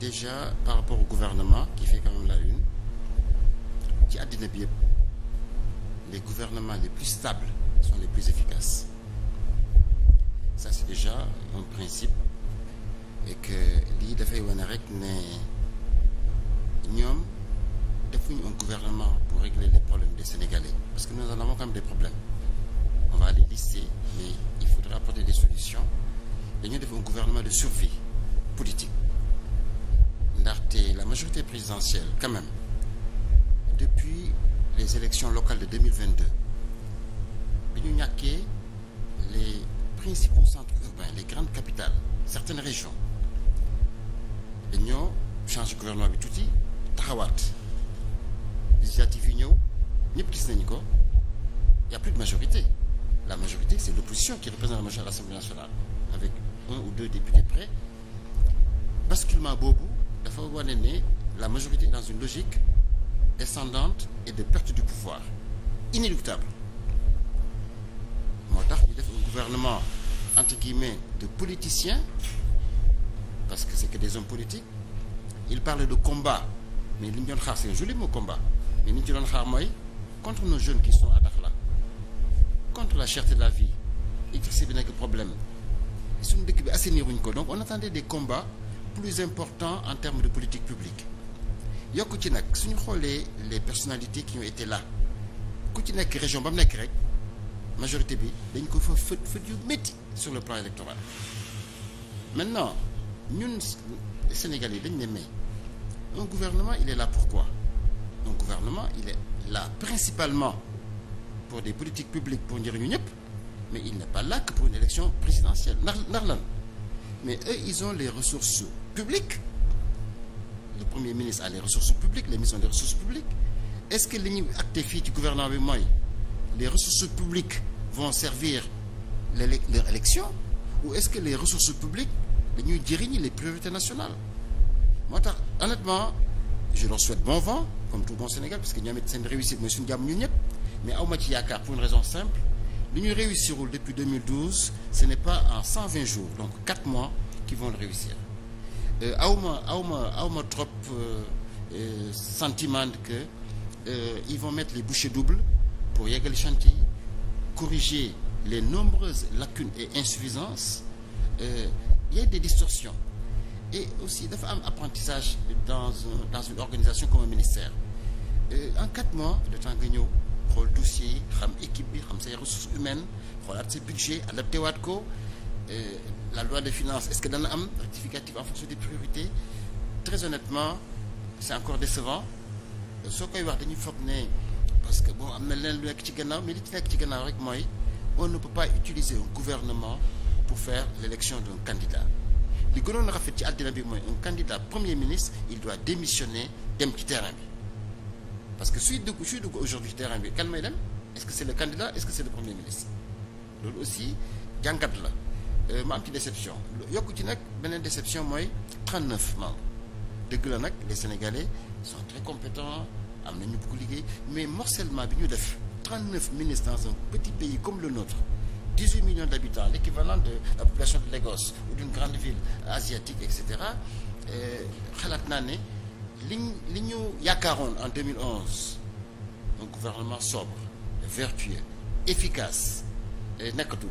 déjà par rapport au gouvernement qui fait quand même la une ci àddina bi yëpp les gouvernements les plus stables sont les plus efficaces ça c'est déjà un principe et que lii dafay wane rek ne ñoom defuñu un gouvernement pour régler les problèmes des Sénégalais parce que nous en avons quand même problèmes on va les lister mais il faudra apporter des solutions dañoo def un gouvernement de survie politique majorité présidentielle quand même depuis les élections locales de 2022 bi ñu ñàkkee les principaux centres urbains les grandes capitales certaines régions dañoo change gouvernement bi tuuti taxawaat législatives yi ñëw ñëpp gis ko y a plus de majorité la majorité c'est l'opposition dafa wane ne la majorité est dans une logique descendante et de perte du pouvoir inéluctable moo tax ñu def un gouvernement entre guillemets de politiciens parce que c'est que des hommes politiques il parlent de combat mais li ñu doon xaar c'est un joli mot combat mais li ñu ci doon xaar mooy contre nos jeunes qui sont à Dakhla contre la cherté de la vie électricité bi nekk problème suñu dëkk bi assainiruñ ko donc on attendait des combats plus important en termes de politique publique yokk ci nag suñu xoolee les personnalités qui ont été là ku ci nekk région ba mu nekk rek majorité bi dañ ko fa fët fët yu métti sur le plan électoral maintenant ñun Sénégal yi dañ ne mais un gouvernement il est là pourquoi un gouvernement il est là principalement pour des politiques publiques pour njëriñu ñëpp mais il n'est pas là que pour une élection présidentielle ndax ndax lan mais eux ils ont publiques le premier ministre a les ressources publiques les missions des ressources publiques est-ce que li ñuy acté fii ci gouvernement bi mooy les ressources publiques vont servir les leur élection ou est-ce que les ressources publiques dañuy jëriñi les priorités nationales moo tax honnêtement je leur souhaite bon vent comme tout bon Sénégal parce que ñoom it seen réussite mooy suñu jàmm ñun mais awma ci yaakaar pour une raison simple li ñu réussirul depuis 2012 ce n'est pas en 120 jours donc 4 mois qu'ils vont le réussir Euh, awma awma ma trop euh, euh, sentiment que ils vont mettre les bouchées doubles pour yeggali chantier yi corriger les nombreuses lacunes et insuffisances il y des distorsions et aussi dafa am apprentissage dans une organisation comme ministère en quatre mois de temps nga ñëw xool dossier yi équipe bi xam say ressources humaines xoolaat sa budget adapté waat ko Euh, la loi de finances est-ce que dana am rectificatif en fonction des priorités très honnêtement c'est encore décevant soo koy wax dañuy foog ne parce que bon am na leen lu nekk ci gannaaw mais li ci nekk ci gannaaw rek mooy on ne peut pas utiliser un gouvernement pour faire l'élection d'un candidat li gënoon rafet ci àddina bi mooy un candidat premier ministre il doit démissionner dem ci terrain bi parce que suy dugg suy dugg aujourd'hui terrain bi kan may dem est-ce que c'est loolu aussi jàngat la Euh, ma am ci déception yokku ci nag beneen déception mooy 39 membres dëgg la nag les sénégalais sont très compétents am na ñu bëgg liggéey mais morcellement bi ñu def 39 ministres dans un petit pays comme le nôtre 18 millions d'habitants l'équivalent de la population de Lagos ou d'une grande ville asiatique et cetera euh, xalaat naa ne liñ li ñu yaakaaroon en 2011 un gouvernement sobre vertueux efficace euh, nekkatu